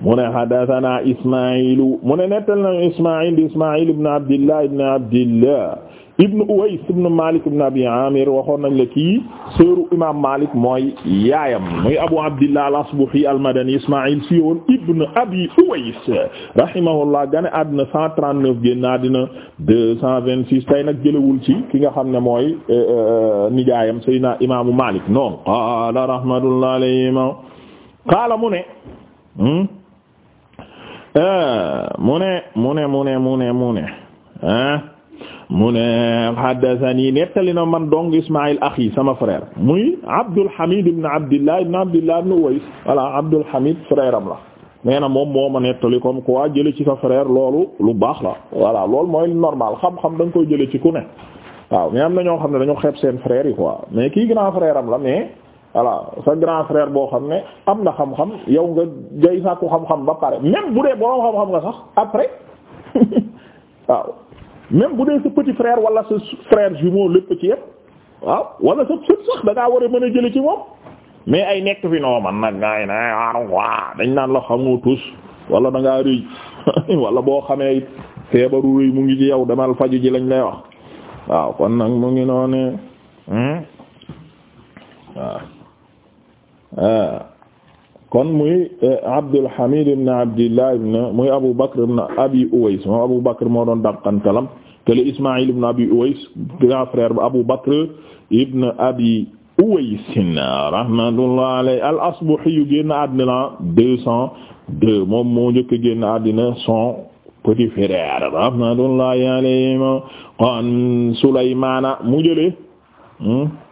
mu ne haddathana Isma'il mu ne nettal na Isma'il Isma'il ibn Abdillah ibn Abdillah ibn Uways ibn Malik ibn Abi Amir waxoon nañ la kii seeru imam Malik mooy yaayam muy Abu Abdillah al-Asbahi al-Madani Isma'il si woon ibn Abi Uways rahimahullah gane àddina 139 génn àddina 226 tey nag jëlawul ci ki nga xam ne mooy eh, eh, nijaayam Seydina imaamu Malik noonu qala rahmatullah alayhima qaala mu ne hmm? Ah, mu ne mu ne mu ne mu ne mu ne ah mu ne haddathani nettali na man dong Ismaïl axi sama frère muy Abdul Hamid ibn Abdillah ibn Abdillah ibn Uwais voilà Abdul Hamid frère am la nee na moom moo ma nettali comme quoi jële ci sa frère loolu lu baax la voilà loolu mooy normal xam-xam da nga koy jële ci ku ne waaw mais am na ñoo xam ne dañu xeeb seen frère yi quoi mais kii grand frère am la mais. voilà sa grand frère boo xam ne am na xam-xam yow nga jay sàkku xam-xam ba pare même bu dee boroom xam-xam nga sax après waaw même bu dee sa petit frère wala sa frère jumeau lépp ci yëpp waaw wala sa sët sax da war a mën a jëli ci moom mais ay nekk fi noo man nag ngaay na waaw waaw dañ naan la xamoo tus wala da ngaa rëy wala boo xamee feebaru rëy mu ngi ci yow demal faju ji lañ lay wax waaw kon nag mu ngi noonu hmm? Ah. kon muy eh, Abdul Hamid ibn Abdillah ibn Abu Bakr ibn Abi Uwais moom Abu Bakr moo doon dàqantalam tele Ismaïl ibn Abi Uwais grand frère ba Abi Uwais rahmatullah alayhi al-Asbahi yu deux cent deux moom moo njëkk génn petit frère rahmatullah alayhi an Sulaymaan mu jëlee hmm?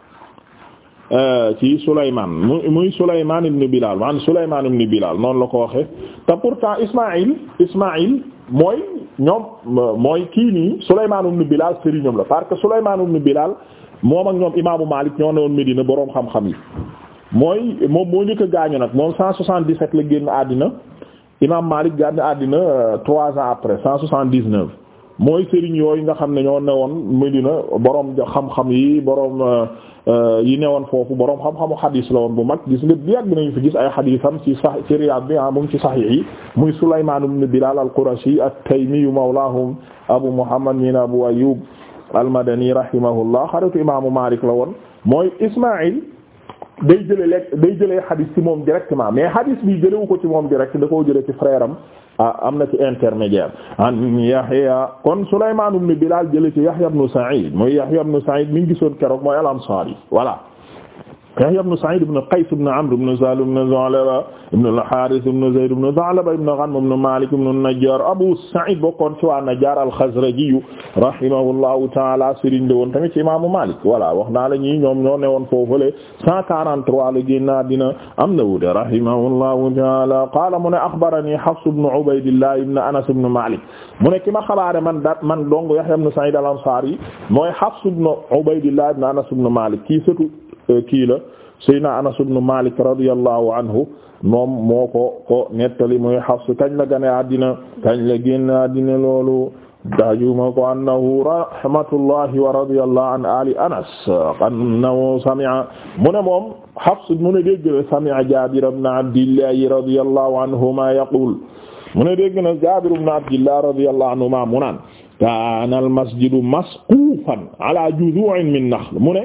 Euh, ci Souleymane muy muy Souleymane ibn Bilal man Souleymane ibn Bilal noonu la ko waxee te pourtant Ismaïl Ismaïl mooy ñoom euh, mooy kii nii Souleymane ibn Bilal sëriñam la parce que Souleymane ibn Bilal moom ak ñoom imaamu Malik ñoo ne woon Medina boroom xam-xam yi. mooy moom moo njëkk a gaañu nag moom 177 la génn àddina imaam Malik gaañu àddina 3 euh, ans après 179. mooy sëriñ yooyu nga xam ne ñoo newoon Medina borom xam-xam yi borom euh, euh, yi newoon foofu borom xam-xamu xadis la woon bu mag gis nga yàgg nañu fi gis ay xadisam ci sax ci Riyaad bi ah mu ngi ci saxiix yi muy Sulaymaan ibn Bilaal al-Qurashi at-Taymi mawlaahum Abu Muhammad min Abu Ayyub al-Madani a xaritu imaamu Maalik la woon mooy Ismaïl day jëlee lekk day jëlee xadis ci moom directement mais xadis bi wu ko ci moom direct da koo jëlee ci frère am ah am na ci intermédiaire an Yahya kon Sulaymaan ibn Bilaal jële ci Yahya ibn Sa'iid mooy Yahya ibn Sa'iid mi ngi gisoon keroog mooy al-Ansaari voilà Yahya ibn Sa'id ibn Qays ibn Amr ibn Salim ibn Zalaba ibn al-Harith ibn Zayd ibn Zalaba ibn Ghanm ibn Malik ibn an-Najjar Abu Sa'id bokkoon ci waa Najjar al-Khazraji rahimahullahu ta'ala Serigne la woon tamit ci imaamu Malik voilà wax naa la ñii ñoom ñoo ne woon foofule 143 la génnaa dina am na wuute rahimahullahu ta'ala qaala mu ne akhbarani Hafs ibn Ubaydillah ibn Anas ibn Malik mu ne ki ma xabaare man daat man dong Yahya ibn Sa'id al-Ansari mooy Hafs ibn Ubaydillah ibn Anas ibn Malik kii surtout kii la Seydina Anas ibn Malik radiyallahu anhu moom moo ko ko nettali muy Hafs kañ la gane àddina kañ la génn àddina loolu dajuma ko annahu rahmatullahi wa radiyallahu an ali Anas annahu sami'a mu ne moom Hafs mu ne dégg na sami'a Jabir ibn Abdillah radiyallahu anhuma yaqul mu ne dégg na Jabir ibn Abdillah radiyallahu anhuma mu naan kaana al masjidu masqufan ala juzu'in min nakhl mu ne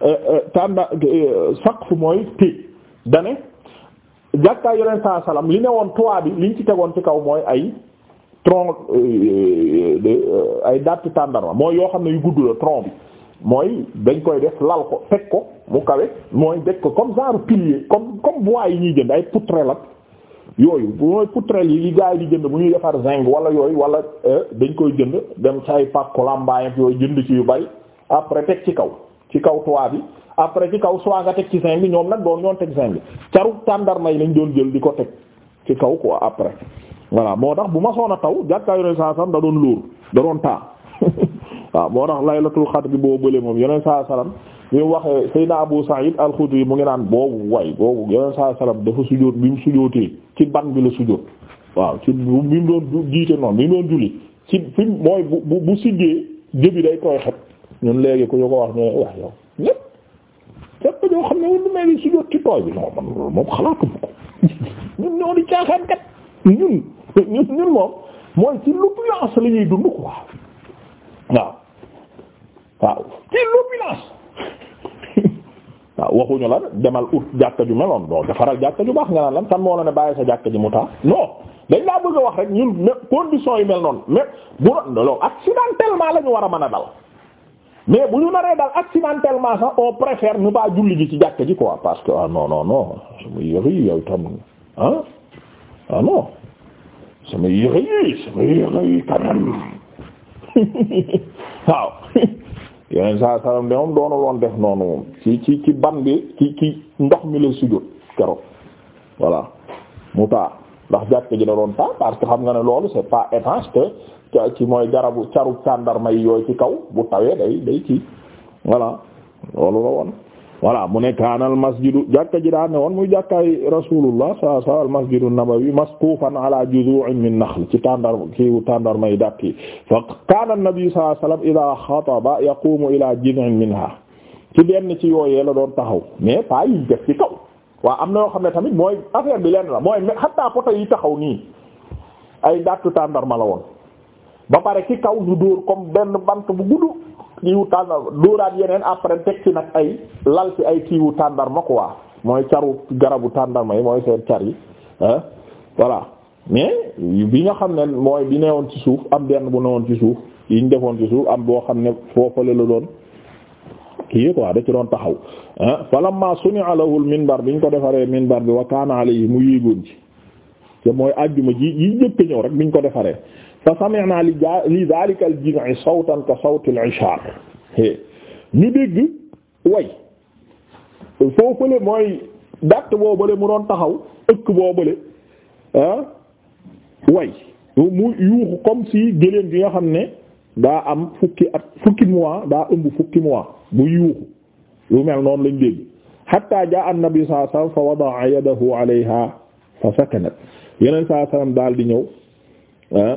Euh, euh, tànda euh, saqf mooy téeg dane jàkkaay yoneen saa salaam li ne woon toit bi liñ ci tegoon ci kaw mooy ay tronc ay datti tàndarma mooy yoo xam ne yu gudd la tronc bi mooy dañ koy def lal ko teg ko mu kawe mooy deg ko comme genre pilier comme comme bois yi ñuy jënd ay poutrelle ak yooyu mooy poutrelle yi li yi di jënd bu ñuy defar zinc wala yooyu wala dañ koy jënd dem ci ay pàkku ak yooyu jënd ci yu bari après teg ci kaw ci kaw toit bi après ci kaw soit nga teg ci zinc bi ñoom nag doon ñoon teg zinc bi caru tàndarma yi lañ doon jël di ko teg ci kaw quoi après voilà moo tax bu ma soon a taw jàkkaay yoneen saa sallam da doon lóor da doon taa waaw moo tax laylatul xadr bi boo bële moom yoneen saa sallam bi mu waxee Seydina Abu Sa'id al mu ngi naan boobu way boobu yoneen saa sallam dafa sujóot bi mu sujóotee ci ban bi la sujóot waaw ci bi mu doon jiite bi mu doon julli ci fi mooy bu bu siggee jëbi day koy ñun léegi ku ñu ko wax ñu wax yow ñépp képp ñoo xam ne woon du mel ni sujjóot ci tooy bi non ñun moom mooy ci l'opulence la ñuy dund quoi waaw waaw ci l'opulence waaw waxuñu la demal ut jàkka ju meloon defaral jàkka ju baax nga naan lan tan moo la ne bàyyi sa jàkka ji mu taa non dañ laa bëgg wax rek ñun mais yi mel noonu mais bu loolu accidentellement la ñu war a mën a dal mais bu ñu naree daal accidentellement sax on préfère ne pas julli ji ci jàkk ji quoi parce que ah non non sama yére yi yow tam ah ah sama yére yi sama yére yi quand waaw yeneen saa salam de moom doonuloon def noonu ci ci ci ban bi ci ci ndox mi la sujjóot keroog voilà mu taa ndax jàkk ji da doon taal parce que xam nga ne loolu c'est pas étanche te ci mooy garabu caru tàndarma yi yooyu ci kaw bu tawee day day kii voilà loolu la woon voilà mu ne kaanal masjidu jàkka daa ne woon muy jàkkaay rasulullah sa sa al masjidu nabawi masqufan ala juzu'in min nakhl ci tàndar kiiwu tàndar may dàtt yi fa kaana nabi sallallahu alayhi wasallam ida xataba yaqumu ila jiz'in minha ci benn ci yooyee la doon taxaw mais pas yi def ci kaw waaw am na yoo xam ne tamit mooy affaire bi leen la mooy xatta poto yi taxaw nii ay dattu tàndarma la woon ba pare ci kaw ñu dóor comme benn bant bu gudd kiiwu tàndarma dóoraat yeneen après teg ci nag ay lal ci ay kiiwu tàndarma quoi mooy caru garabu tàndarma yi mooy seen car yi ah voilà mais bi nga xam ne mooy bi newoon ci suuf am benn bu newoon ci suuf yi defoon ci suuf am boo xam ne foofale la doon kii quoi da ci doon taxaw ah falamma suni'a lahu al-minbar bi ñu ko defaree minbar bi wa kaana alayhi mu yéegoon ci te mooy àjjuma ji yi njëkk ñëw rek bi ñu ko defaree fa naa li li dhalika al-jin'i sawtan ka sawti al-'ishaar ñu dégg way foofule mooy dàtt boobule mu doon taxaw ëkk boobule ah way mu yuuxu comme si gëléem gi nga xam ne. daa am fukki at fukki mois daa ëmb fukki mois bu yuuxu lu mel noonu lañ dégg hatta jaa an-nabi sallallahu alayhi wasallam fa wada'a yadahu alayha fa sakanat yeneen sallallahu alayhi wasallam daal di ñëw ah,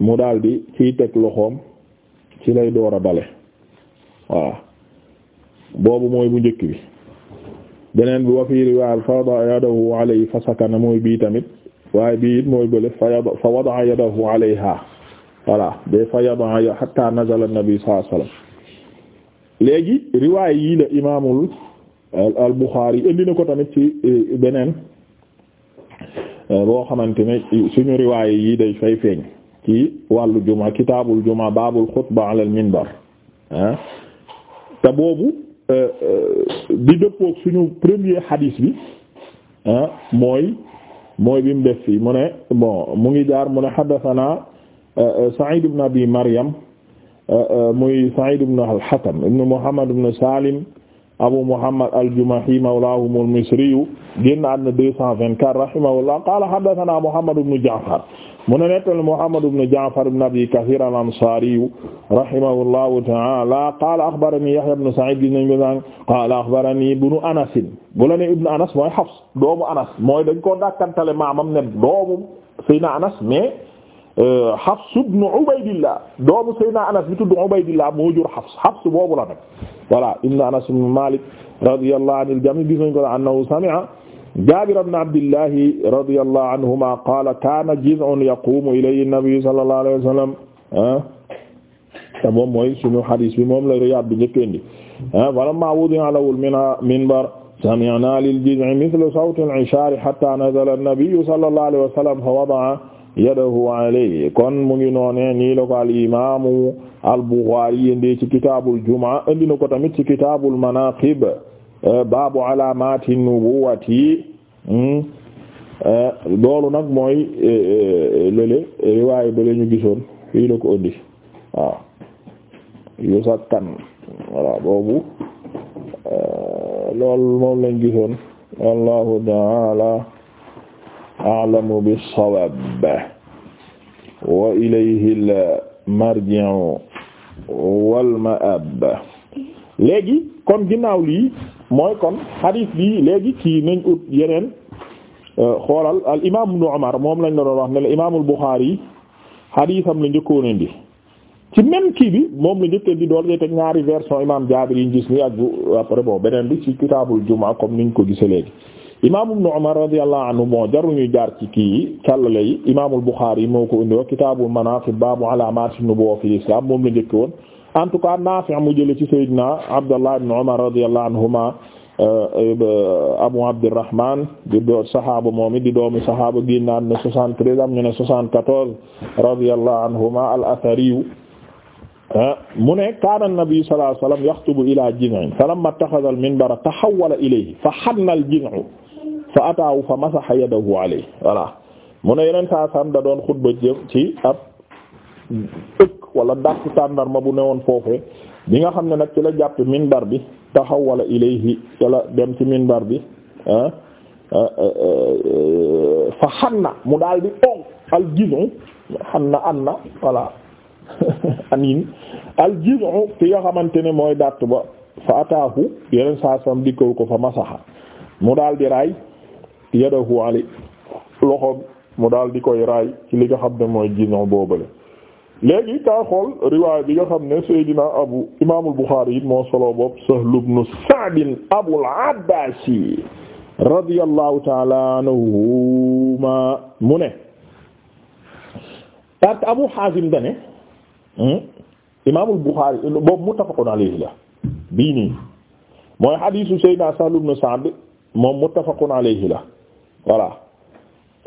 mu daal di ciy teg loxoom ci lay door a dale waaw boobu mooy bu njëkk bi beneen bi wa fi riwaaya fa wada'a yadahu alayhi fa sakana mooy bii tamit waaye bii it mooy bële fa wada'a yadahu alayha voilà des fa yaban yo hatta nazala nabi sallallahu alayhi léegi riwaay yii la imaamul al Bukhari indi na ko tamit ci eh, beneen eh, boo xamante ne suñu riwaay yii de fay feeñ ci wàllu juma kitaabul jumaa baabul xutba ala al minbar ah. te boobu eh, di dëppook suñu premier hadis bi ah, mooy mooy bi mu def fii mu ne bon mu ngi jaar mu ne xaddasanaa Euh, euh, Sa'id ibn Abi Maryam euh, muy Sa'id ibn al-Hakam ibn Muhammad ibn Salim Abu Muhammad al-Jumahi mawlahum al-Misri génn àddina 224 rahimahullah qala haddathana Muhammad ibn Ja'far mu ne nettali Muhammad ibn Ja'far ibn Abi Kathir al-Ansari rahimahullahu ta'ala qala akhbarani Yahya ibn Sa'id gis nañ ko sànq qala akhbarani ibnu Anas bu la ne ibnu Anas mooy Hafs doomu Anas mooy dañ ko dàkkantale maamam ne doomu Sayyidina Anas mais Euh, Hafs ibn Ubaydillah doomu Seydina Anas bi tudd Ubaydillah moo jur Hafs Hafs boobu la nag voilà ibn Anas ibn Malik radiyallahu anil jami' gis nañ ko annahu sami'a Jaabir ibn Abdillah radiyallahu anhuma qaala kaana jiz'un yaqumu ilayhi an-nabi sallallahu alayhi wa sallam te moom mooy suñu hadis bi moom la Riyaad bi njëkk indi falammaa wudi'a lahu al-minbar sami'na lil jiz'i mithla sawti al-'ishaari hatta nazala an-nabiyyu sallallahu alayhi wa sallam fa wada'a yadahu alayhi kon mu ngi noone nii la ko al imaamu al Buxaari yendee ci kitaabul jumaa indi na ko tamit ci kitaabul manaqib eh, baabu alaamaati nubuwati hmm? eh, loolu nag mooy eh, lële riwaayu ba la gisoon fii la ko indi yu sakkan voilà boobu loolu moom lañ gisoon wallahu taala a'lamu bi sawaab wa ilayhi al-marji'u wal ma'aab léegi kon ginnaaw lii mooy kon hadith bi léegi ci nañ ut yeneen euh, xoolal al imaam ibnu Umar moom lañ la doon wax ne la imaamul Buxaari haditham la njëkkoon indi ci même kii bi moom la njëkk di dool teg ñaari version imaam Jaabir yi ñu gis nii ak bu après bon beneen bi ci kitaabul jumaa comme niñ ko gisee léegi. imaam ibn Umar radiyallahu anhu bon jaruñu jaar ci kii yi càllale yi imaamul Buxaari yi moo ko indiwoon kitaabul manaaqib baabu alaamaatin nubuwwa fil islaam moom la njëkk woon en tout cas Naafi' mu jële ci Seydina Abdallah ibn Umar radiyallahu anhuma euh, Abu Abdurrahman di doo saxaaba moom it di doomi saxaaba génnaan ne 73 am ñu ne 74 radiyallahu anhuma al-Athariyu ah, mu ne kaana nabi sallallahu alayhi wa sallam yaxtubu ilaa jiz'in falammaa ittaxaza al-minbara tahawwala ilayhi fa hanna al-jiz'u fa ataawu fa masaxa yadahu alay voilà mu ne yeneen saa da doon xutba jëm ci ab ëkk wala dàq tàndarma bu newoon foofee bi nga xam ne nag ci la jàpp minbar bi taxaw wala ilayhi wala dem ci minbar bi ah, ah, ah, fa na mu daal di ong al jiz'u xanna anna voilà anin al jiz'u ki nga xamante ne mooy dàtt ba fa ataahu yeneen saa saam ko fa masaxa mu daal di raay. yadahu ali loxoom mu daal di koy raay ci li nga xam ne mooy ginnaaw boobale léegi kaa xool riwaay bi nga xam ne Seydina Abu Imaamul Buxaari it moo solo bopp Sahl ibn Sa'd Abul Abbaas radiyallahu ta'ala anhuma mu ne parce Abu Haazim dane hmm, Imaamul Buxaari boobu muttafaqun alayhi la bii mooy hadiisu Seydina Sahl ibn Sa'd moom muttafaqun alayhi la voilà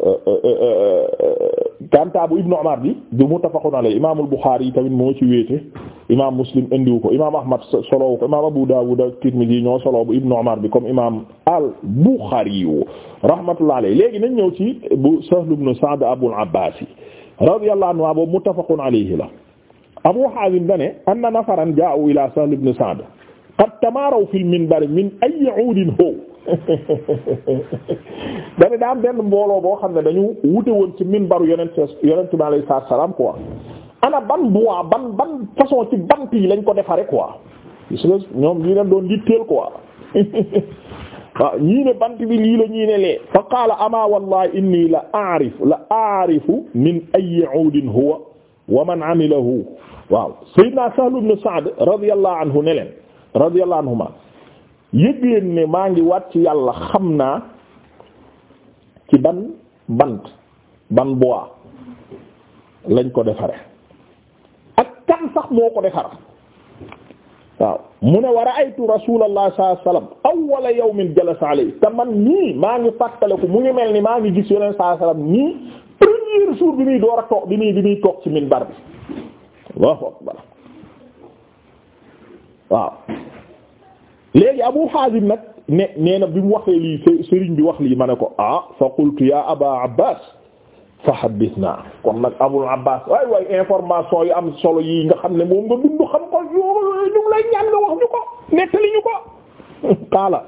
euh, euh, euh, kanta bu ibnu Umar bi du muttafaqun alayhi imaamul Buxaari tamit moo ci wéete imaam Muslim indiwu ko imaam Ahmad solowu ko imaam Abu Daawud ak Tirmidhi ñoo solo bu ibnu Umar bi comme imaam al Buxaari rahmatullahi alayhi léegi nañ ñëw ci bu Sahl ibn Sa'd Abul Abbaas radiyallahu anhu wa boobu muttafaqun alayhi la Abu Haazim dane anna nafaran jaa'u ila Sahl ibn Sa'd qad tamaaraw fil minbar min ayyi 'uudin huwa dane daa am benn mbooloo boo xam ne dañu wute woon ci minbaru yonent yonent bi alayhi salaam quoi ana ban bois ban ban façon ci bant yi lañ ko defare quoi gis nga ñoom lii leen doon litteel quoi ñii ne bant bi lii la ñii ne lee fa qaala ama wallahi inni la a'rif la a'rifu min ayyi 'udin huwa wa man 'amilahu waaw sayyidina Sahl ibn Sa'd anhu ne leen anhuma yëg leen maa ngi wat ci yàlla xam naa ci ban bant ban bois lañ ko defare ak kan sax moo ko defar waaw mu ne wa ra'aytu rasulallah sallallahu alayhi wasallam awwala yawmin jalasa alayhi te man nii maa ngi fàttaliku mu ngi mel ni maa ngi gis yoneen sallallahu alayhi wasallam nii premier jour bi muy door a toog bi muy bi muy toog ci minbar bi waaw léegi Abu Hazim nag ne nee na bi mu waxee lii sëriñ bi wax lii ma ne ko ah fa qultu ya Aba Abbas fa haddithna kon nag Abul Abbas waay waay information yi am solo yi nga xam ne moom nga dund xam ko ñu ngi lay ñaan nga wax ñu ko nettali ñu ko qaala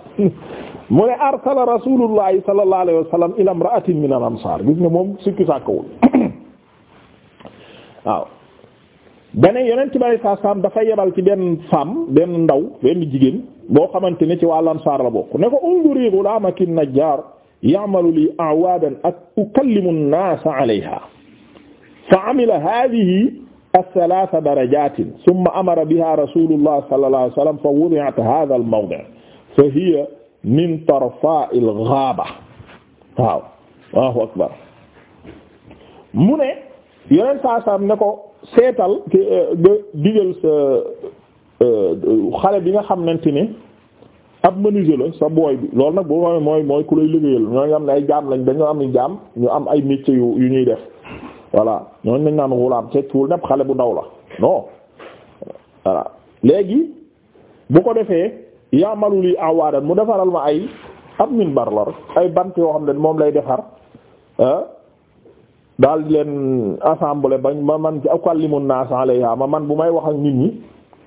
mu ne arsala rasulullahi sallallahu alayhi wa sallam ila imra'atin min al ansar gis nga moom sikki sàkkawul waaw beneen yonent bi sallallahu alayhi wa dafa yebal ci benn femme benn ndaw benn jigéen boo xamante ne ci waa lansaar la bokk ne ko unduri gulaamaki najjaar ya'malu li a'waadan ak ukallimu an-naasa 'alayhaa fa 'amila haadhihi ath-thalaatha darajaatin thumma amara bihaa rasuulullah sallallahu alayhi wa sallam fa wudi'at haadha al-mawdi' fa hiya min tarfaa'i al-ghaaba waaw Allahu akbar mu ne yeneen saa saam ne ko seetal eh, digal sa Euh, xale bi nga xamante ne ab menuisier la sa booy bi loolu nag boo xam mooy mooy ku lay liggéeyal ñoo nga am ne ay jaam lañ dañoo am i jaam ñu am ay métiers yu yu ñuy def voilà ñooñ nañ naan wulaam cecwul nepp xale bu ndaw la non bu ko defee yaamalu li awaadan mu defaral ma ay ab minbar la ay bant yoo xam ne moom lay defar ah. daal di leen assemblée ba ma man ci akallimun nas ma man bu may wax ak nit ñi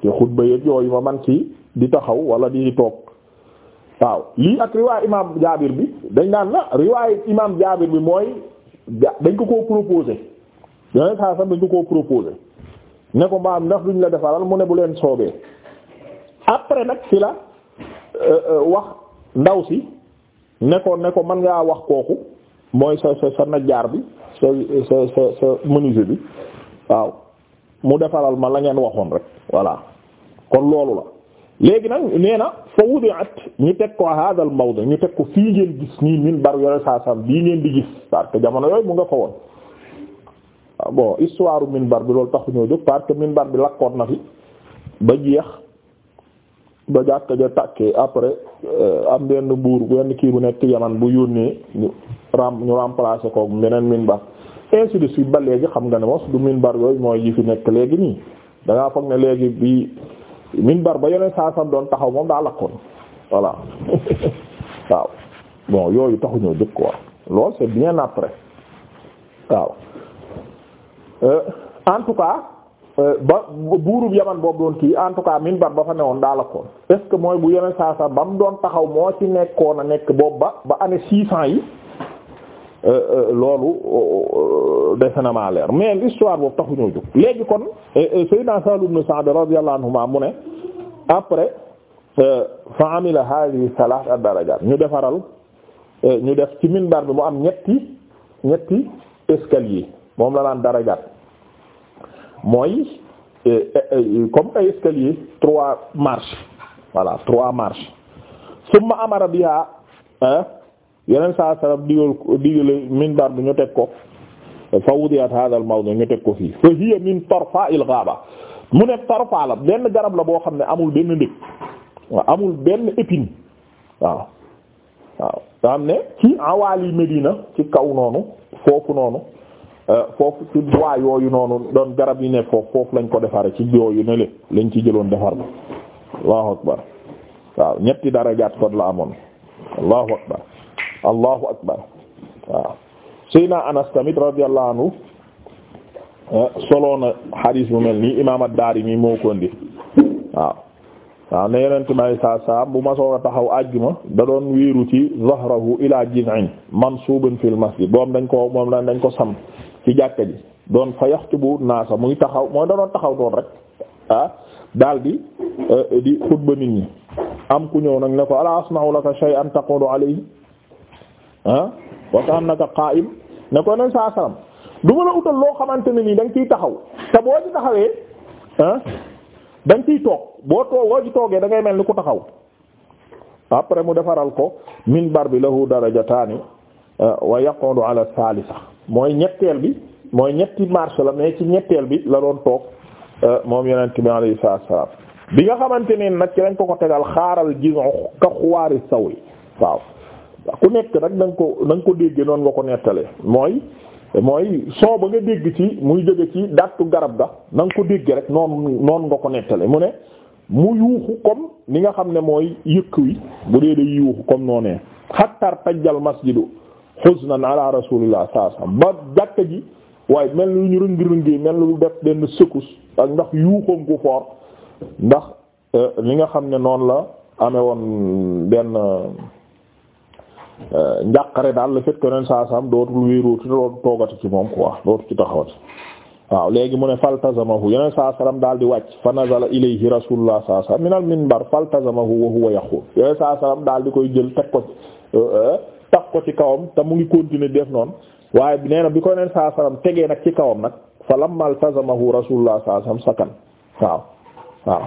te xutba yëpp yooyu ma man ci di taxaw wala di toog waaw lii ak riwaay imaam jaabir bi dañ daan la riwaay imaam jaabir bi mooy dañ ko koo proposé yooyu saa sax dañ ko koo proposé ne ko maam ndax duñ la defaral mu ne bu leen soobee après nag ci la euh, euh, wax ndaw si ne ko ne ko mën ngaa wax kooku mooy sa sa sa najjaar bi sa sa sa sa bi waaw mu defaral ma la ngeen waxoon rek voilà kon loolu la léegi nag nee na fa wudi'at ñu teg ko hada al mawdu ñu teg ko fii ngeen gis nii minbar yore saa sam di jamono yooyu mu nga fa woon ah bon histoire minbar bi loolu taxu ñoo jóg parce que bar bi lakkoon na fi ba jeex ba jàkk ja tàkkee après euh, am benn buur benn kii bu nekk yaman bu yónnee ñu ram ñu remplacer ko beneen minbar ainsi de suite ba léegi xam nga ne mos du bar yooyu mooy yi fi nekk léegi nii da ngaa foog ne léegi bi minbar ba yeneen saa sam doon taxaw moom daa lakkoon voilà waaw yooyu taxuñoo jëkk quoi loolu c'est bien après waaw euh, en euh, kii en tout cas minbar ba fa newoon daa lakkoon est mooy bu yeneen saa sam ba mu doon taxaw moo ci nekkoon a nekk boobu ba ba année six cents yi Euh, euh, loolu euh, defe na maa leer mais l'histoire boobu taxu ñoo jóg léegi kon sayyidina Sahl ibn Sa'd radiyallahu anhuma mu ne après fa amila hadhihi thalath ad-darajat ñu defaral ñu def ci minbar bi mu am ñetti ñetti escalier moom la naan darajaat mooy comme ay escalier trois marches voilà trois marches summa amara biha yeneen saa sallam digal digale minbar bi ñu teg ko fa wudiyat hada ñu teg ko fii fa hiya min tarfa il ghaba mu ne tarfa la benn garab la boo xam ne amul benn ndég amul benn épine waaw waaw ci kaw noonu foofu noonu euh, foofu yooyu noonu doon garab yi nekk foofu foofu lañ ko defaree ci yooyu ne le lañ ci jëloon defar ko allahu akbar waaw ñetti darajaat kon la amoon allahu akbar allahu akbar waaw Seydina Anas tamit eh, soloona xadiis bu mel nii imaam ad-Daarimi moo ko indi waaw waaw ne yeneen may saa bu ma soog taxaw àjjuma da doon wiiru ci zahrahu ila jiz'in mansuubun fil masjid boom dañ ko moom dañ ko sam ci jàkka ji doon fa yaxtubu naasa muy taxaw mooy da doon taxaw doon rek ah daal di eh, di xutba nit ñi am ku ñëw nag ne ko ala asna'u laka shay'an taqulu alayhi ah wa ka annaka qaa'im ne ko nen saa salam du ma la utal loo xamante ne nii danga nga ciy taxaw te boo ci taxawee ah da ciy toog boo toog boo ci toogee da ngay mel ni ku taxaw après mu defaral ko minbar bi lahu darajataani ah, wa yaqudu ala salisa mooy ñetteel bi mooy ñetti marche la mais ci ñetteel bi la doon toog ah, moom yonent bi alayhi salaam bi nga xamante ne nag ci lañ ko ko tegal xaaral jiw ka xuwaari saw yi waaw. ku nekk rek na ko na nga déggee noonu nga ko nettalee mooy mooy soo ba nga dégg ci muy jóge ci dattu garab ga na nga ko déggee rek noon noonu nga ko nettale mu ne mu yuuxu comme ni nga xam ne mooy yëkk wi bu dee day yuuxu comme noonee xattar tajjal masjidu huznan ala rasulillah saa saa ba jàkka ji waaye mel lu ñu rëngi rëngee mel lu def benn secousse ak ndax yuuxoom gu fort ndax li euh, nga xam ne noonu la amee woon benn Euh, njàqare daal le fait que ren saa saam dootul wéerootu dootul toogati ci moom quoi dootu ci taxawati waaw léegi mu ne faltazamahu yeneen saa salaam daal di wàcc fa nazala ilayhi rasulullah saa salaam minal minbar faltazamahu wa huwa yaqul yeneen saa salaam daal di koy jël teg ko euh, euh, tax ko ci kawam te mu ngi continuer def noonu waaye nee na bi ko yeneen saa tegee nag ci kawam nag falamma altazamahu rasulullah saa salaam sakan waaw waaw.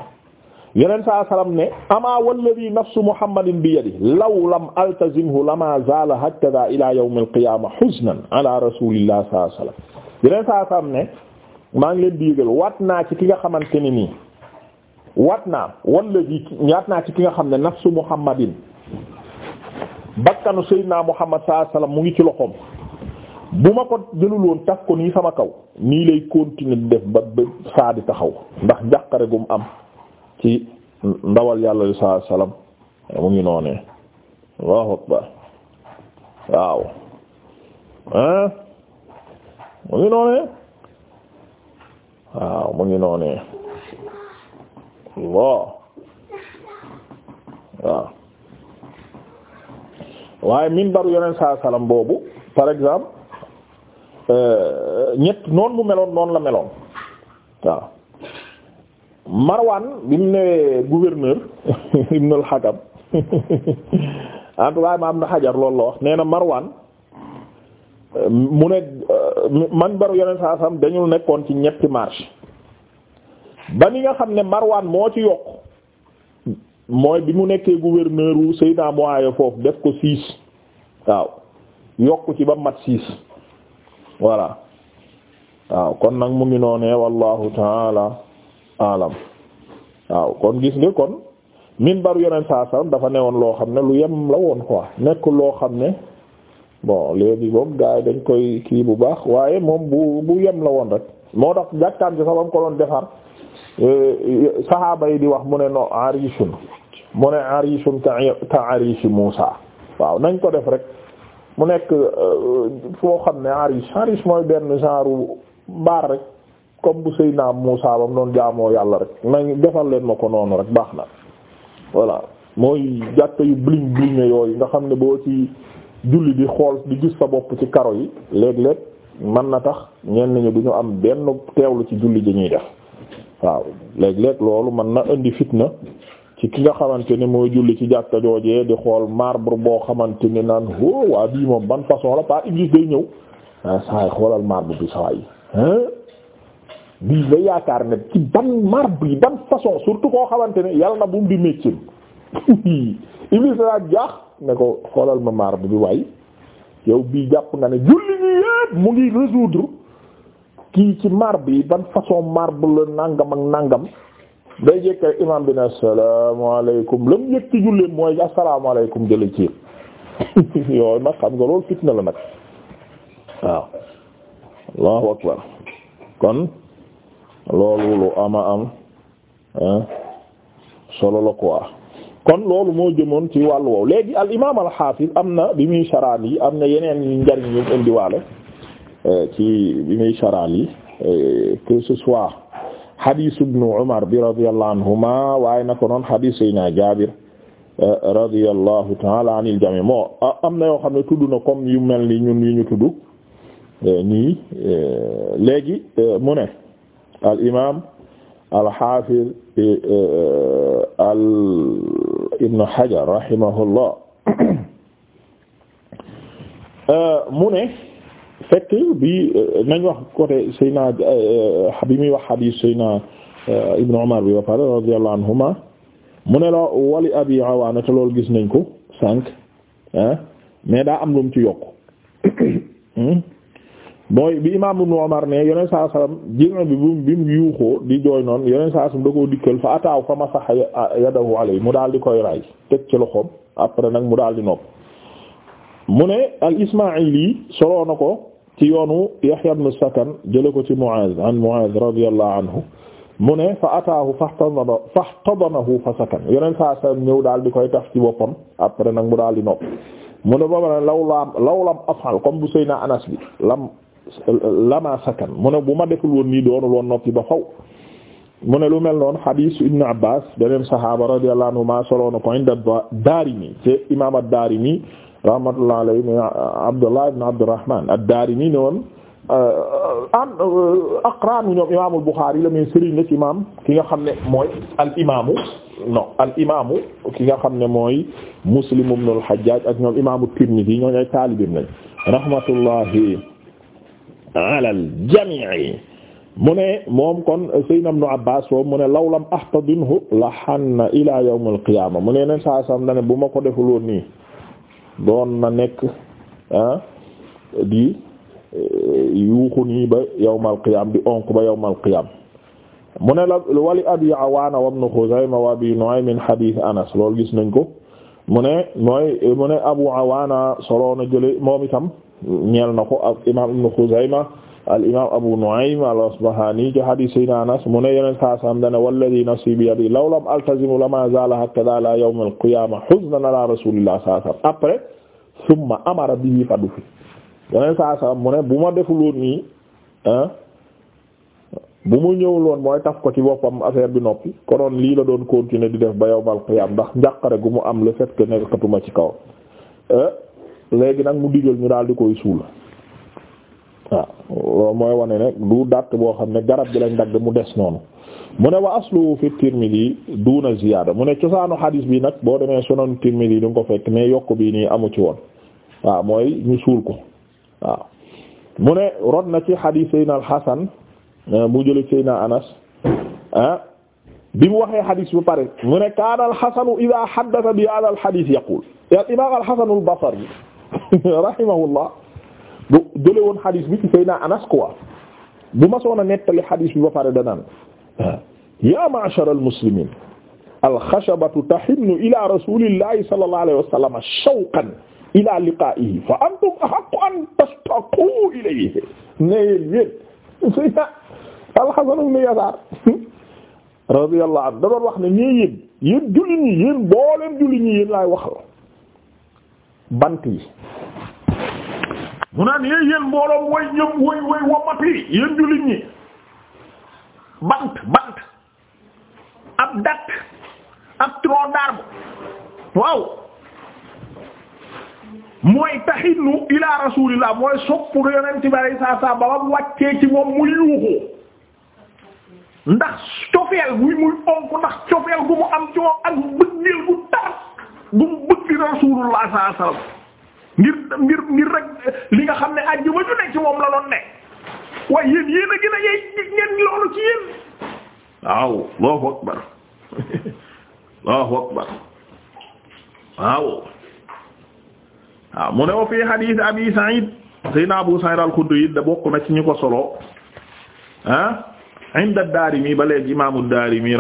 yeneen saa salaam ne ama walladhi nafsu muhammadin bi yadi law lam altazimhu lama zala hakada ila yawm alqiyama huznan ala rasulillah saa yeneen saa ne maa ngi leen di yëgal waat naa ci ki nga xamante ni nii waat naa walladhi waat naa ci ki nga xam ne nafsu muhammadin bakkanu sayyidina muhammad saa salaam mu ngi ci loxoom bu ma ko jëlul woon takk ko sama kaw nii lay continuer di def ba ba saa taxaw ndax jàqare gum am ci ndawal yàlla li saa salaam mu ngi noonee Allahu akbar waaw ah mu ngi noonee waaw mu ngi noonee waaw waaye minbaru yoneen saa salaam boobu par exemple euh, ñett noonu mu meloon noonu la meloon waaw. marwaan bi mu ne gouverneur Ibn al-Hakam en ma am na xajar loolu la wax nee na Marwan mu ne euh, man baru yeneen saa sam dañu nekkoon ci ñetti marche ba ni nga xam ne Marwan moo ci yokk mooy bi mu nekkee gouverneur wu Seydina Muawiya foofu def ko six waaw yokk ci ba mat six voilà waaw kon nag mu ngi noonee wallahu taala alam waaw kon gis nga kon minbar yonent saa saam dafa newoon loo xam ne lu yem la woon quoi nekk loo xam ne bon léegi boobu gars yi dañ koy kii bu baax waaye moom bu bu yem la woon rek moo tax jàkkaan ci sabam ko doon defar euh, euh, saxaaba yi di wax mu ne no arishun mu ne arishun ka arishi Muusa waaw nañ ko def rek mu nekk euh, foo xam ne arish arish mooy benn genre baar rek comme bu naa Muusaa bam doon jaamoo yàlla rek nañ defal leen ma ko noonu rek baax na voilà mooy jàkka yu bling bling yooyu nga xam ne boo ci julli di xool di gis sa bopp ci karo yi léeg-léeg mën na tax ñenn ñi du ñu am benn teewlu ci julli ji ñuy def waaw léeg-léeg loolu mën na indi fitna ci ki nga xamante ne mooy julli ci jàkka joojee di xool marbre boo xamante ne naan wóo oh, waa bii moom ban façon la pas Iblis day ñëw ah saa xoolal marbre yi bii day yaakaar ne ci ban marbre yi ban façon surtout koo xamante ne yàlla na bu mu di métier Iblis laa jaax ne ko xoolal ma marbre bi waaye yow bii jàpp nga ne julli ñi yépp mu ngi résoudre kii ci marbre yi ban façon marbre la nàngam ak nangam day jekk imam bi ne asalaamaaleykum la mu yëg ci julleen mooy asalaamaaleykum jële ci yooyu nag xam nga loolu fitna la nag waaw Allahu akbar kon loolu lu ama am ah, solo la quoi kon loolu moo jëmoon ci wàllu woowu léegi al imaam al xaafis am na bi muy saraan yi am na yeneen yu njariñ yu indiwaale eh, ci bi muy saraan yi eh, que ce soit hadith ibn Umar bi radiyallahu anhuma waaye na ko noon hadith sayna Jaabir eh, radiyallahu ta'ala anil jami am na yoo xam ne tudd na comme yu mel ni ñun yi ñu tudd nii léegi mu ne al imaam al xaafid eh, eh, al ibn Hajar rahimahullah euh, mu ne fekk bi euh, nañ wax côté euh, bi muy wax xadiis Seyna Ibn Umar bi ba pare radiyallahu anhuma mu ne la wali Abi loolu gis nañ ko sànq mais am lu mu ci yokk. Hmm? mooy bi imaam Ibnu Umar ne yeneen saa salaam jëriñoo bi bi mu yuuxoo di jooy noonu yeneen saa salaam da koo dikkal fa ataaw fa masaxa yadahu alay mu daal di koy raay teg ci loxoom après nag mu daal di nopp. mu ne al Ismaa'ili soloo na ko ci yoonu Yahya ibn Sakan jëlee ko ci Mu'aaz an Mu'aaz radiyallahu anhu mu ne fa ataahu fahtadana fahtadanahu fa sakan yeneen saa ñëw daal di koy taf ci boppam après nag mu daal di nopp mu ne booba la law laam law lam afal comme bu Seyna Anas bi lam. lama sakan mu bu ma deful woon nii doonul woon noppi ba faw mu ne lu mel noonu xadiis ibnu abbas beneen sahaaba radiyallahu anhu ma soloona ko inda daarimi ci imaam ad-daarimi rahmatullahi alayhi mi abdullah ibn abdurrahman ad-daarimi ne woon an aqraanu ñoom imaamul buxaari la ki nga xam ne mooy al imaamu al imaamu ki nga xam ne mooy muslim alal jamii mu mu ne law la xanna ila yawm al qiyaama mu ne yeneen saa bu ma ko deful woon nii na nekk ah, di eh, ba yawm al qiyaam di onk ba ne la wali abi awaana wa ibnu Xuzayma wa abi Nu'aym min hadiis Anas loolu gis nañ ko ne mooy mu ne abu awaana solo na jële moom itam ñeel na ko ak imaam ibn Xuzayma al imaam Abu Nu'aym al Asbahani jo hadis sayyidina Anas mu ne yeneen saa saam dana walladhi nafsi bi yadi law lam altazimu lama zala hakadha la yawm al qiyamah huznan ala rasulillah saa saam après summa amara bihi fadu fi yeneen saa saam mu ne bu ma defuloon nii ah, bu mu ñëwuloon mooy taf ko ci boppam affaire bi noppi konoon lii la doon continuer di def ba yawm al ndax njàqare gu mu am le fait nekkatuma ci kaw. Ah, léegi nag mu digal ñu daal di koy suul waaw mooy wane ne du dàtt boo xam ne garab bi lañ dagg mu des noonu mu ne wa aslu fi Tirmidhi duuna ziyaada mu ne cosaanu xadiis bi nag boo demee sunan Tirmidhi du nga ko fekk mais yokk bi nii amu ci woon waaw mooy ñu suul ko waaw mu ne rod na ci xadiis Seydina al-Hasan eh, mu jële Seydina Anas ah bi mu waxee xadiis bu pare mu ne kaana al-Hasanu idaa haddasa bi haadha al-xadiis yaqul al-imaam al-Hasan al rahimahullah bu jële woon xadis bi ci Seydina Anas quoi bu ma soon a nettali xadis bi ba pare danaan ya ma'shar al-muslimin al-khashabatu tahinnu ila rasulillahi sallallahu alayhi wa sallam shawqan ila liqa'ihi fa antum ahaqqu an tashtaqu ilayhi al-Hasan ibn Yasaar radiyallahu anhu da doon wax ne ñii yéen yéen jullit ñi yéen boo leen jullit ñi yéen laay waxal bant yi mu naan yéen yéen mbooloom way ñëpp way way wommat yi jullit ñi bant bant ab dat ab tronc waaw mooy taxinu ila rasulillah mooy soppu yonent bi alayhi salaam ba mu wàccee ci moom muy yuuxu ndax cofeel muy muy onk ndax cofeel gu mu am ci ak bëggeel gu bu mu bëgg rasulullah sallallahu alayhi ngir ngir li nga xam ne àjjuma ju nekk ci moom la doon nekk waaye yéen yéen a gën a yeey ngeen ci yéen waaw allahu akbar allahu akbar waaw waaw mu wa fii hadith abi sa'id sayna abu sa'id al-khudri da bokk na ci ñu ko solo ah inda ad-darimi ba léegi imam ad-darimi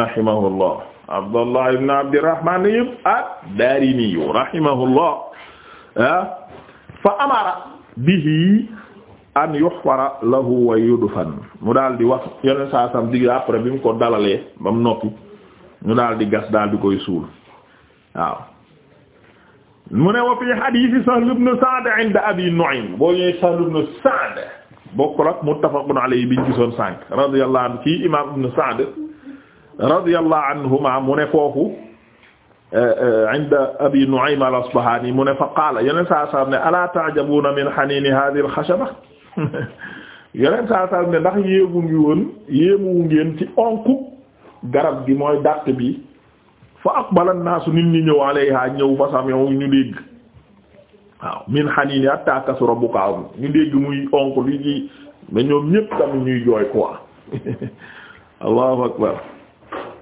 Abdallah ibn Abdirrahman yëpp ad-Daarimi rahimahullah ah, fa amara bihi an yuhfara lahu wa yudfan mu daal di wax yeneen saa sam digg après bi mu ko dalalee ba mu noppi ñu daal di gas daal di koy suul waaw mu ne wa fi hadiisi Sahl ibn Sa'd inda Abi Nu'aym boo ñëwee Sahl ibn Sa'd bokkul ak muttafaqun alayhi biñ gisoon sànq radiyallahu anhu ci imaam ibn Sa'd radiyallahu anhuma mu ne foofu eh, eh, inda abi nu'aym al-asbahani mu ne fa qaala yeneen saa saa ne alaa ta'jabuuna min haniini haadhihi al-khashaba yeneen saa saa ne ndax yéegu ngi woon yéemu ngeen ci onku garab gi mooy dàtt bi fa aqbala an-naasu nit ñi ñëw alayha ñëw fa sami'u ñu dégg waaw min haniini hatta kasura bukaa'uhum ñu dégg muy onku li ci mais ñoom ñépp tamit ñuy jooy quoi allahu akbar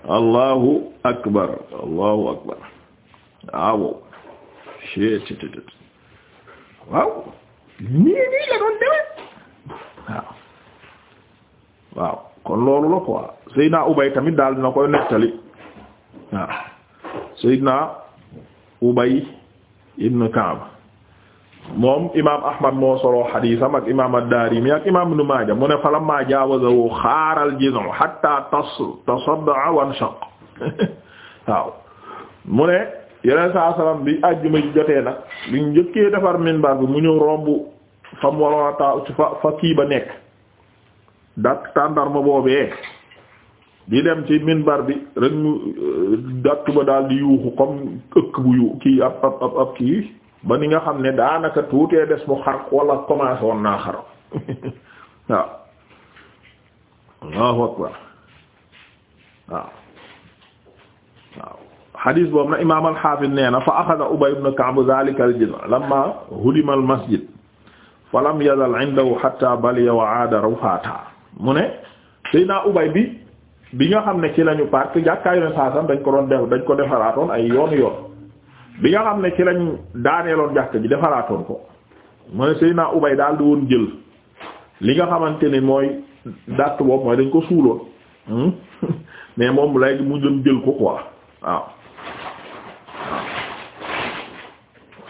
allahu akbar allahu akbar waaw waaw nii nii la doon demee waaw waaw kon loolu la quoi Seydina Ubay tamit daal dina koy nettali waaw Seydina Ubay ibn Ka'b moom imaam Ahmad moo solo xadiisam ak imaam ad-Daarimi ak imaam Ibn Maaja mu ne falammaa jaawazahu xaaral jiz'u hattaa tas tasadda'a wa anshaqa waaw mu ne yeneen saa salaam bi àjjuma jotee nag li njëkkee defar minbar bi mu ñëw romb fa mu waroon a taaw fa fa kii ba nekk dàq tàndarma boobee di dem ci minbar bi rek mu dàq ba daal di yuuxu comme ëkk bu yu kii ab ab ab kii. ba ni nga xam ne daanaka tuutee des mu xar wala commencé woon naa xar waaw Allahu akbar waaw waaw xadiis boobu na imaam al-Haafid nee na fa axada Ubay ibn Ka'b zaalika al-jaz'a lammaa hudima al-masjid fa lam yazal indahu hatta baliya wa aada rufaata mu ne Seydina Ubay bi bi nga xam ne ci lañu park jàkkaayu ne saasam dañ ko doon def dañ ko defaraatoon ay yoon yoon bi nga xam ne ci lañ daaneeloon jàkk bi defaraatoon ko mu ne Seydina Ubay daal di woon jël li nga xamante ni mooy dàtt boobu mooy dañ ko suuloon hmm? mais moom lay mu dem jël ko quoi waaw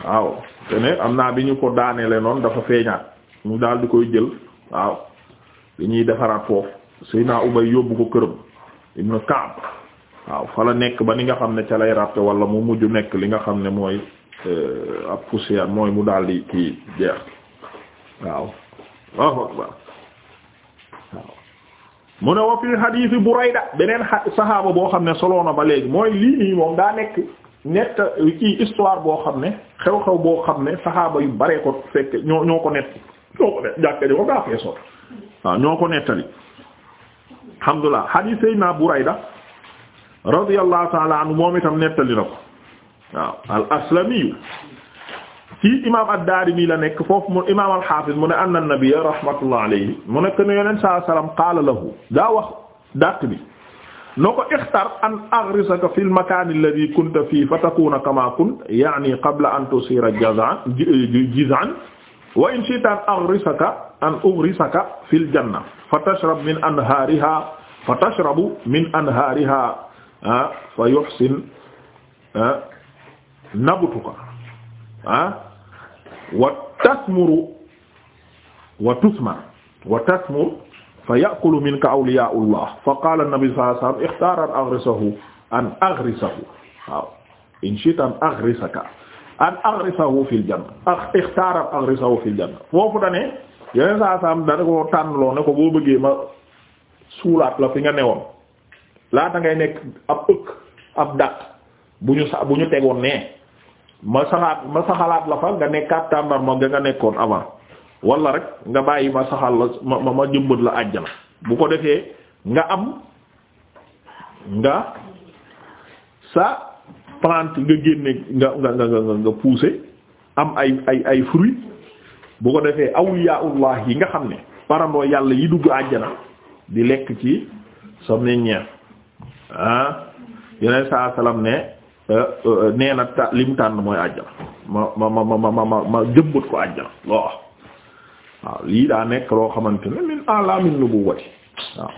waaw te ne am naa bi ñu ko daaneele noon dafa feeñaat mu daal di koy jël waaw li ñuy defaraat foofu Seydina Ubay yóbbu ko këram Ibnu Kaab waaw fa la nekk ba ni nga xam ne ca lay ràppe wala mu mujj nekk li nga xam ne mooy euh, ab poussière mooy mu daal di ki jeex waaw waaw waaw mu ne wa fii hadith Burayda beneen saxaaba boo xam ne soloona ba léegi mooy lii nii moom daa nekk nett ci histoire boo xam ne xew-xew boo xam ne saxaaba yu baree ko fekk ñoo ñoo ko nett ñoo ko nett xam ji ko gaa fee sot waaw ñoo ko nettali alhamdulillah hadith Seydina Burayda radiyallahu taala anhu moom itam nettali na ko waaw al aslamiyu ci imaam ad-Daarimi la nekk foofu mu imaam al-Haafiz mu ne anna nabiyya rahmatullah alayhi mu nekk ne yonent saa salaam qaala lahu daa wax dàtt bi na ko ixtar an aghrisaka fi al-makaan alladhi kunta fiihi fatakuuna kamaa kunta ya'ni qabla an tusiira jaz'an jiz'an wa in shi'ta an aghrisaka an ughrisaka fil janna fatashrab min anhaarihaa fatashrab min anhaarihaa ah fa yuhsin ah nabtuka ah wa tasmuru wa tusmar wa tasmur fa ya'kulu minka awliyaa'ullah fa qaala an-nabi sallallahu alayhi wa sallam ikhtaar an aghrisahu an aghrisahu waaw in shi'ta an aghrisaka an aghrisahu fil janna ikhtaar an aghrisahu fil janna foofu da ne yeneen saa saam da ko tànnloo ne ko boo bëggee ma suulaat la fi nga newoon. laata ngay nekk ab ëkk ab dàq bu ñu sa bu ñu tegoon nee ma saxaat ma saxalaat la fa nga nekkaat tàndar ma nga nga nekkoon avant wala rek nga bàyyi ma saxal la ma ma jëmbat la àjjana bu ko defee nga am nga sa plante nga génne nga nga nga nga nga am ay ay ay fruit bu ko defee awliyaullah yi nga xam ne parandoo yàlla yi dugg àjjana di lekk ci sa meññeef ah yeneen saa salaam ne euh, euh, nee na ta li mu tànn mooy àjjana ma ma ma ma ma ma ma jëmbat ko àjjana waaw waaw lii daa nekk loo xamante ne min alamin nubuwati waaw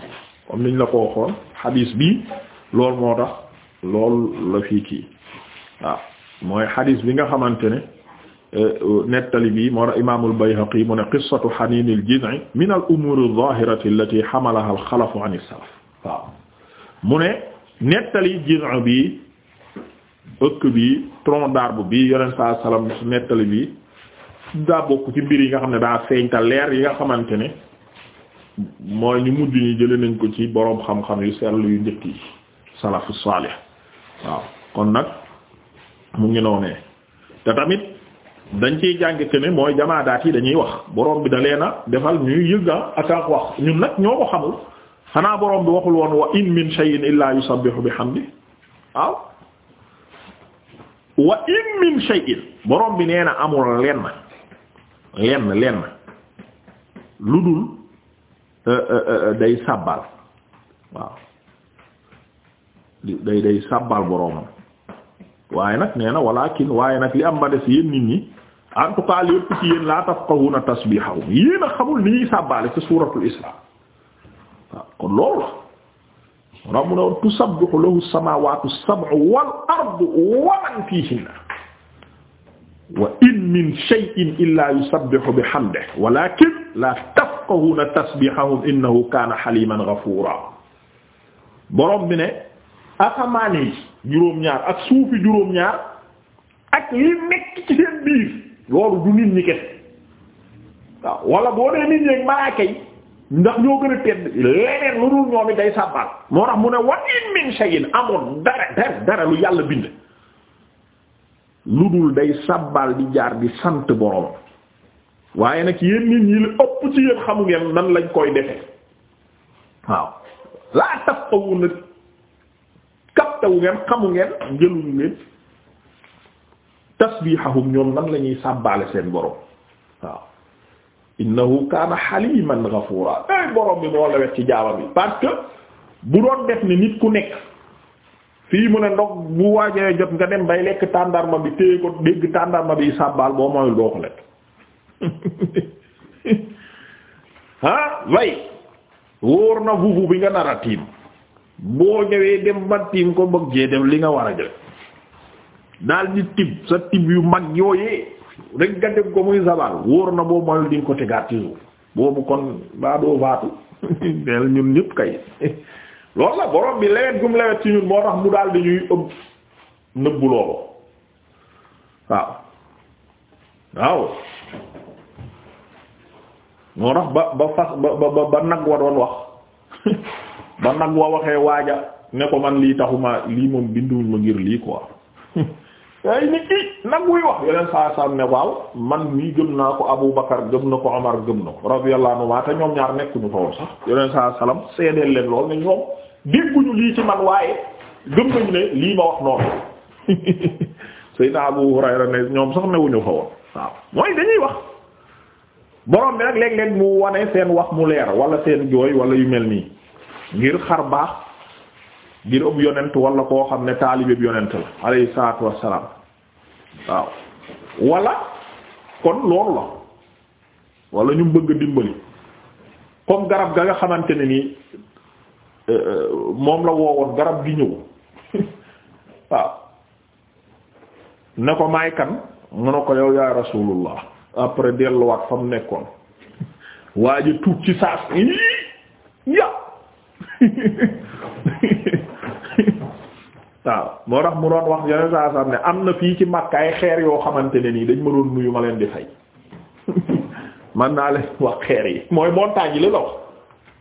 comme niñ la ko waxoon xadiis bi loolu moo tax loolu la fii kii waaw mooy xadiis bi nga xamante ne euh, nettali bi moo tax imaamul Bayhaqi mu ne qissatu xaniinil jiz'i min al umuur adh-dhaahirati allati hamalaha al-xalafu an as-salaf waaw mu ne nettali jiz'a bi ëkk bi tronc d'arbre bi yonent saa salaam nettali bi daa bokk ci mbir yi nga xam ne daa feeñta leer yi nga xamante ne mooy ñu mujj ñi jële nañ ko ci boroom xam-xam yu sell yu njëkk yi salafu salih waaw kon nag mu ngi noonee te tamit dañ ciy jàng que ne mooy jamaadaat yi dañuy wax boroom bi da leena defal ñuy yëg ah, ak wax ñun nag ñoo ko xamul xanaa borom bi waxul woon wa in min shay'in illaa yusabbihu bihamdi waaw wa in min shay'in borom bi nee na amul lenn lenn lenn lu dul euh, euh, euh, day sàbbal waaw day day sàbbal boromam waaye nag nee na walakin waaye nag li am ba des yéen nit ñi en tout cas lépp ci yéen laa tafqahuna tasbihahum yéen a xamul ni ñuy sàbbaale ci suuratul isra waaw kon loolu la raw mu ne woon tusabbihu lahu samawatu sab'u wal ardu wa man fihinna wa in min shay'in illa yusabbihu bihamdihi walakin la tafqahuna tasbihahum innahu kana haliman ghafura borom bi ne asamaan yi juróom-ñaar ak suufi juróom-ñaar ak li nekk ci seen biir loolu du nit ñi kese waaw wala boo dee nit ñi ak malaaka yi ndax ñoo gën a tedd leneen lu dul ñoom it day sàbbaal moo tax mu ne wa in min shay'in amul dara dara dara lu yàlla bind lu dul day sàbbaal di jaar di sant borom waaye nag yéen nit ñi li ëpp ci yéen xamu ngeen nan lañ koy defe waaw laa tafqahu na kaptawu ngeen xamu ngeen jëluñu leen tasbihahum ñoom nan la ñuy sàbbaale seen borom waaw innahu kaana haliman ghafuura ay borom bi moo la wet ci jaaba bi parce que bu doon def ni nit ku nekk fii mu ne ndox bu waajee jot nga dem bay lekk tàndarma bi téye ko dégg tàndarma bi sàbbaal boo moyul doo ko lekk ah way wóor na vuvu bi nga nar a tiim boo ñëwee dem ba tiim ko bëgg jee li nga war a jël daal di tib sa tib yu mag yooyee rek nga dégg ko muy zabal wóor na boobu mayul diñ ko tegaat ci boobu kon baa doo faatu del ñun ñëpp kay loolu la borom bi lewet gum lewet ci ñun moo tax mu daal di ñuy ëpp nëbbu loolu waaw waaw moo tax ba ba fas ba ba ba nag wa doon wax ba nag wa waxee waaja ne ko man lii taxuma lii moom binduwuñ ma ngir lii quoi ay nit ñi nag muy wax yeneen saa saa ne waaw man mii gëm naa ko Abu Bakar gëm na ko Omar gëm na ko radiyallahu anhu maa ñoom ñaar nekkuñu fa woon sax yeneen saa salaam seedeel leen lool ne ñoom dégguñu lii ci man waaye gëm nañu ne lii ma wax noonu Seydina Abu Hurayra ñoom sax newuñu fa woon waaw mooy dañuy wax borom bi nag léeg-léeg mu wane seen wax mu leer wala seen jooy wala yu mel nii ngir xar baax. ngir ëpp yonent wala koo xam ne taalibeeb yonent la alayhi salaatu wassalaam waaw wala kon loolu la wala ñu bëgg dimbali comme garab ga nga xamante ne nii euh, moom la woowoon garab gi ñëw waaw ne ko maay kan mu ne ko yow yaay rasulullah après delluwaat fa mu nekkoon waaye tuut ci saas yi ya waaw moo tax mu doon wax yeneen saa saam ne am na fii ci Makka ay xeer yoo xamante ne nii dañ ma doon nuyu ma leen di fay man naa leen wax xeer yi mooy montagne yi la wax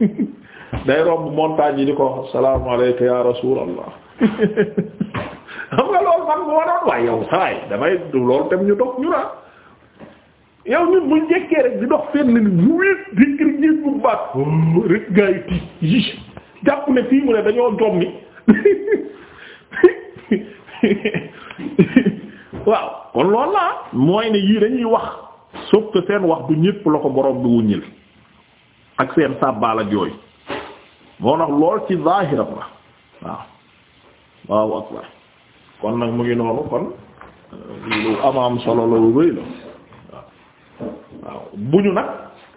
day romb montagne yi ni ko wax asalaamaaleykum ya rasulallah xam nga loolu man bu ma doon waaye yow sawaay damay loolu tam ñu dox ñu na yow ñun buñ njëkkee rek di dox fenn nit bu wéet di ngir ñi bu baax rek gaa yi tiit jàpp ne fii mu ne dañoo jommi waaw kon loolu la mooy ne yii dañuy wax sauf que seen wax du ñépp la ko borom bi wuññil ak seen sàbbaal ak yooyu moo tax lool ci zaahiram la waaw waaw akbar kon nag mu ngi noonu kon euh, lu amaam solo la lu rëy la waaw waaw bu ñu nag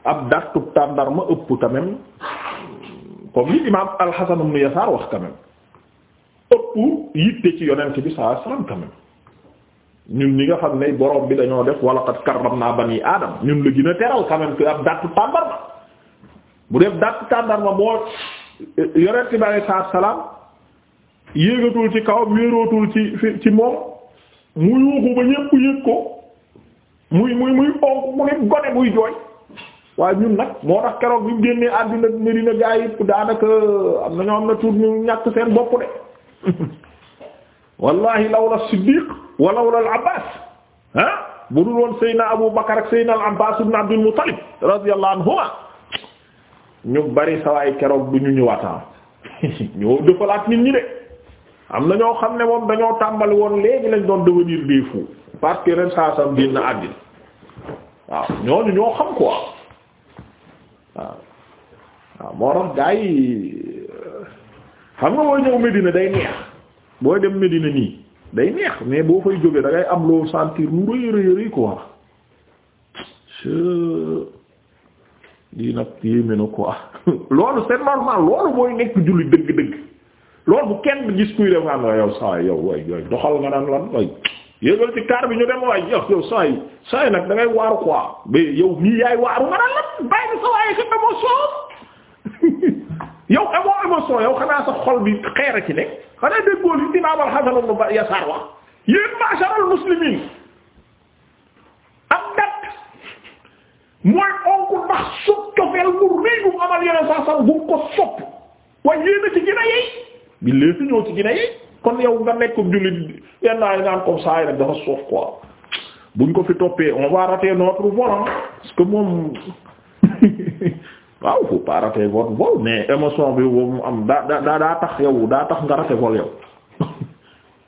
ab dartub tàndarma ëpp quand comme li imaam al-Hasan Yasaar wax quand ëpp yitte ci yonent bi saa salaam quand ñun ñi nga xam ne borom bi dañoo def wala qad karramna bani aadama ñun la gën a teral quand bu def dattu tàndarma boo yonent bi alayhi salaam yéegatul ci kawam wéerootul ci ci moom mu yuuxu ba ñépp yëg ko muy muy muy onk mu ne gone muy jooy waaye ñun nag moo tax keroog bi génnee àddina Medina gaa yi daanaka am na ñoo am na tuut ñu ñàkk seen bopp de wallahi lawla wa lawla al abbas ah bu dul woon seydna abu bakar ak seydna al abbas ibn abdul muttalib radiyallahu anhuma ñu bari sawaay keroog du ñu ñëwaataam ñoo dëfalaat nit ñi de am na ñoo xam ne moom dañoo tàmbali woon léegi lañ doon devenir des fous parce que ren saa sam génn waaw ñooñu ñoo xam quoi waaw waaw moo tax gaa xam nga boo ñëw Medina day neex booy dem Medina nii day neex mais boo fay jógee da ngay am loo sentir lu rëy rëy rëy quoi lii nag yéeme na quoi loolu c'est normal loolu mooy nekk julli dëgg bu kenn gis kuy def nga yow saa yow way yooyu doxal nga naan lan way ci kaar bi ñu dem waay yow yow saa yi saa yi nag da ngay waaru quoi mais yow nii yaay waaru nga naan lan bàyyi sa waaye xëy na moo soob. yow amoo émotion yow xanaa sa xol bi xeer a ci nekk xanaa déggoo li imaam al-Hasan ibn Yasaar wax yéen ma'sharal muslimiin am dat mooy onk ndax sopp cofeel mu réy bu amal yeneen saa sax bu ko sopp waaye yéen a ci gën a yey bi léegi ñoo ci gën a kon yow nga nekk jullit yenn ay naan comme ça rek dafa soof quoi buñ ko fi toppee on va rater parce que moom waaw faut pas rater votre vol mais émotion bi boobu mu am daa daa daa tax yow daa tax nga rater vol yow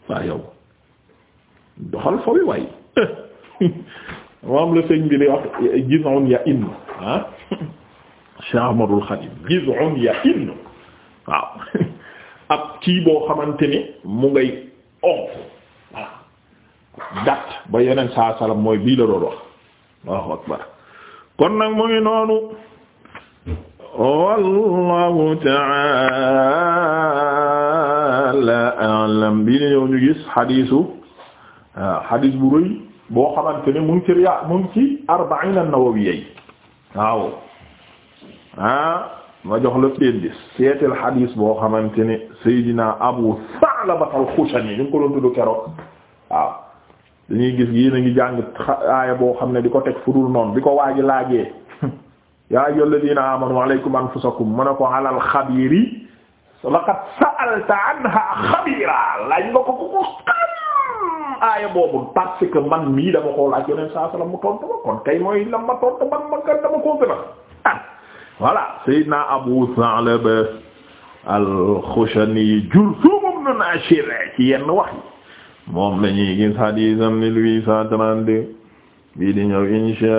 waaw yow doxal foofu waay moom la sëñ bi di wax gison ya inn ah Cheikh Ahmadul ya inn waaw ab kii boo xamante ni mu ngay onf voilà dat ba yeneen saa salam mooy bii la doon wax Allahu akbar kon nag mu ngi noonu wallahu taala alam bii ne ñëw ñu gis xadiisu waaw ah, xadiis bu rëy boo xamante mu ngi ci riyaa mu ngi ci arbaine an-Nawawiyya waaw ah ma jox la péndis seetal xadiis boo xamante ne Seydina Abu Sa'laba al-Xushani ñu ngi ko doon tudd keroog waaw dañuy gis yéen a ngi jàng aaya boo xam ne di ko teg fu dul noonu bi ko waaji laajee yaa ayyuhal ladina amanu alaykum anfusakum mu ne ko alal xabiri laqad sa'alta anha xabira laaj nga ko ko ko xam aaya boobu parce que man mii dama koo laaj yoneen saa salaam mu tontu ma kon kay mooy lam ma tontu man ma gën dama koo gën a voilà Seydina Abu Tha'laba al-Khushani Jursum ibn Ashir ci yenn wax yi moom lañuy gis hadisam 1832 bii di ñëw insha